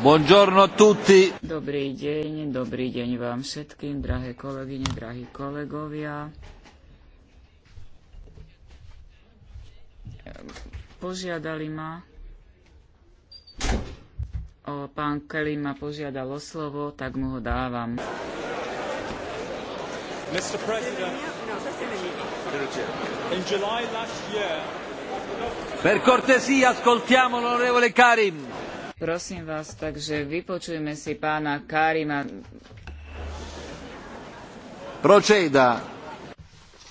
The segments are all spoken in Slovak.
Buongiorno a tutti. Dobrý deň, dobrý deň vám všetkým, drahé kolegyne, drahí kolegovia. Požiadali ma, o, pán Kelly ma požiadal o slovo, tak mu ho dávam. Mr. President, no, no, in July last year, Per cortesia, ascoltiamo l'onorevole Karim. Prosím vás, takže vypočujme si pána Karima. Proceda.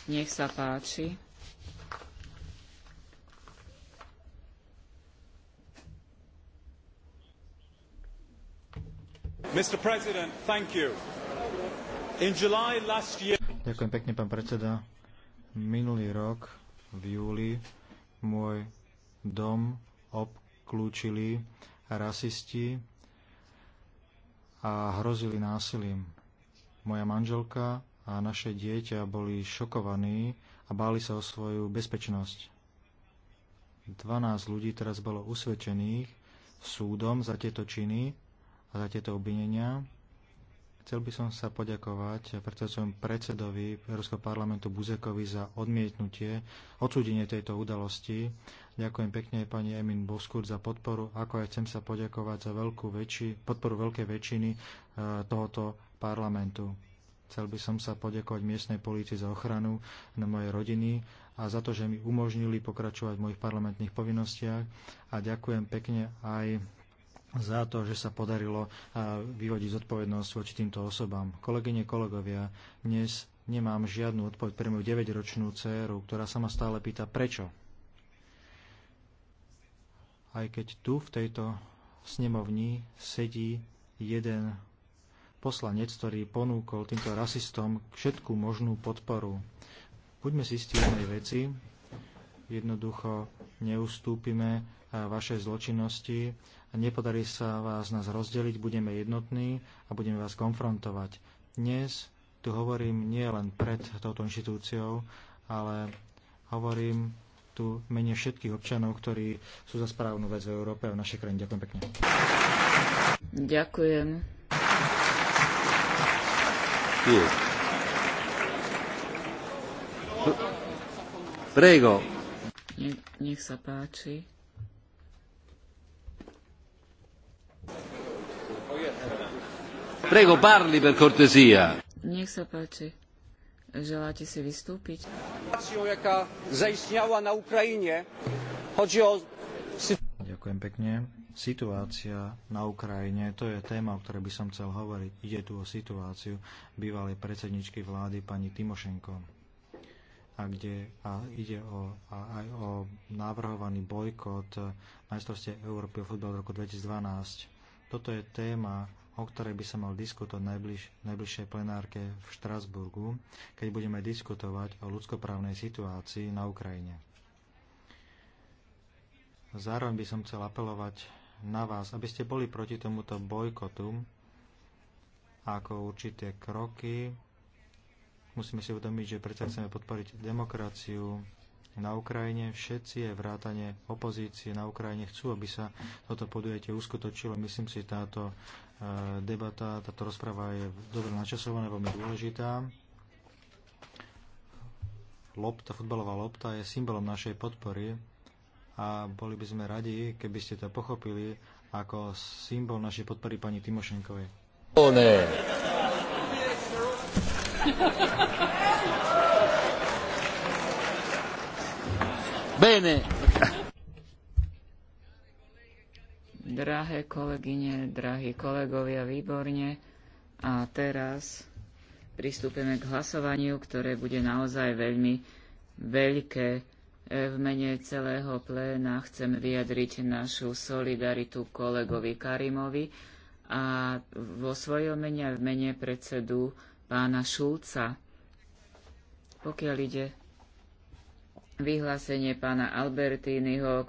Nech sa páči. Mr. President, thank you. In July last year... Ďakujem pekne, pán predseda. Minulý rok, v júli, môj dom obklúčili rasisti a hrozili násilím. Moja manželka a naše dieťa boli šokovaní a báli sa o svoju bezpečnosť. 12 ľudí teraz bolo usvedčených súdom za tieto činy a za tieto obvinenia Chcel by som sa poďakovať predsedcom predsedovi Európskeho parlamentu Buzekovi za odmietnutie, odsúdenie tejto udalosti. Ďakujem pekne pani Emin Boskur za podporu, ako aj chcem sa poďakovať za veľkú väči, podporu veľkej väčšiny e, tohoto parlamentu. Chcel by som sa poďakovať miestnej polícii za ochranu na mojej rodiny a za to, že mi umožnili pokračovať v mojich parlamentných povinnostiach a ďakujem pekne aj za to, že sa podarilo vyhodiť zodpovednosť voči týmto osobám. Kolegyne, kolegovia, dnes nemám žiadnu odpoveď pre moju 9-ročnú dceru, ktorá sa ma stále pýta, prečo. Aj keď tu v tejto snemovni sedí jeden poslanec, ktorý ponúkol týmto rasistom všetkú možnú podporu. Buďme si istí jednej veci, jednoducho neustúpime e, vašej zločinnosti, nepodarí sa vás nás rozdeliť, budeme jednotní a budeme vás konfrontovať. Dnes tu hovorím nie len pred touto inštitúciou, ale hovorím tu mene všetkých občanov, ktorí sú za správnu vec v Európe a v našej krajine. Ďakujem pekne. Ďakujem. Prego. Ne, nech sa páči. Prego, parli per cortesia. Nech sa páči. Želáte si vystúpiť? jaká zaistňala na Ukrajine. Chodí o... Ďakujem pekne. Situácia na Ukrajine, to je téma, o ktorej by som chcel hovoriť. Ide tu o situáciu bývalej predsedničky vlády pani Timošenko a, kde, a ide o, a aj o navrhovaný bojkot majstrovstie Európy o futbal roku 2012. Toto je téma, o ktorej by sa mal diskutovať v najbliž, najbližšej plenárke v Štrasburgu, keď budeme diskutovať o ľudskoprávnej situácii na Ukrajine. Zároveň by som chcel apelovať na vás, aby ste boli proti tomuto bojkotu ako určité kroky Musíme si uvedomiť, že predsa chceme podporiť demokraciu na Ukrajine. Všetci je vrátane opozície na Ukrajine chcú, aby sa toto podujatie uskutočilo. Myslím si, táto e, debata, táto rozpráva je dobre načasovaná, veľmi dôležitá lopta, futbalová lopta je symbolom našej podpory a boli by sme radi, keby ste to pochopili ako symbol našej podpory pani Timošenkovej. Oh, Bene. Drahé kolegyne, drahí kolegovia, výborne. A teraz pristúpime k hlasovaniu, ktoré bude naozaj veľmi veľké. E, v mene celého pléna chcem vyjadriť našu solidaritu kolegovi Karimovi a vo svojom mene a v mene predsedu pána Šulca. Pokiaľ ide vyhlásenie pána Albertínyho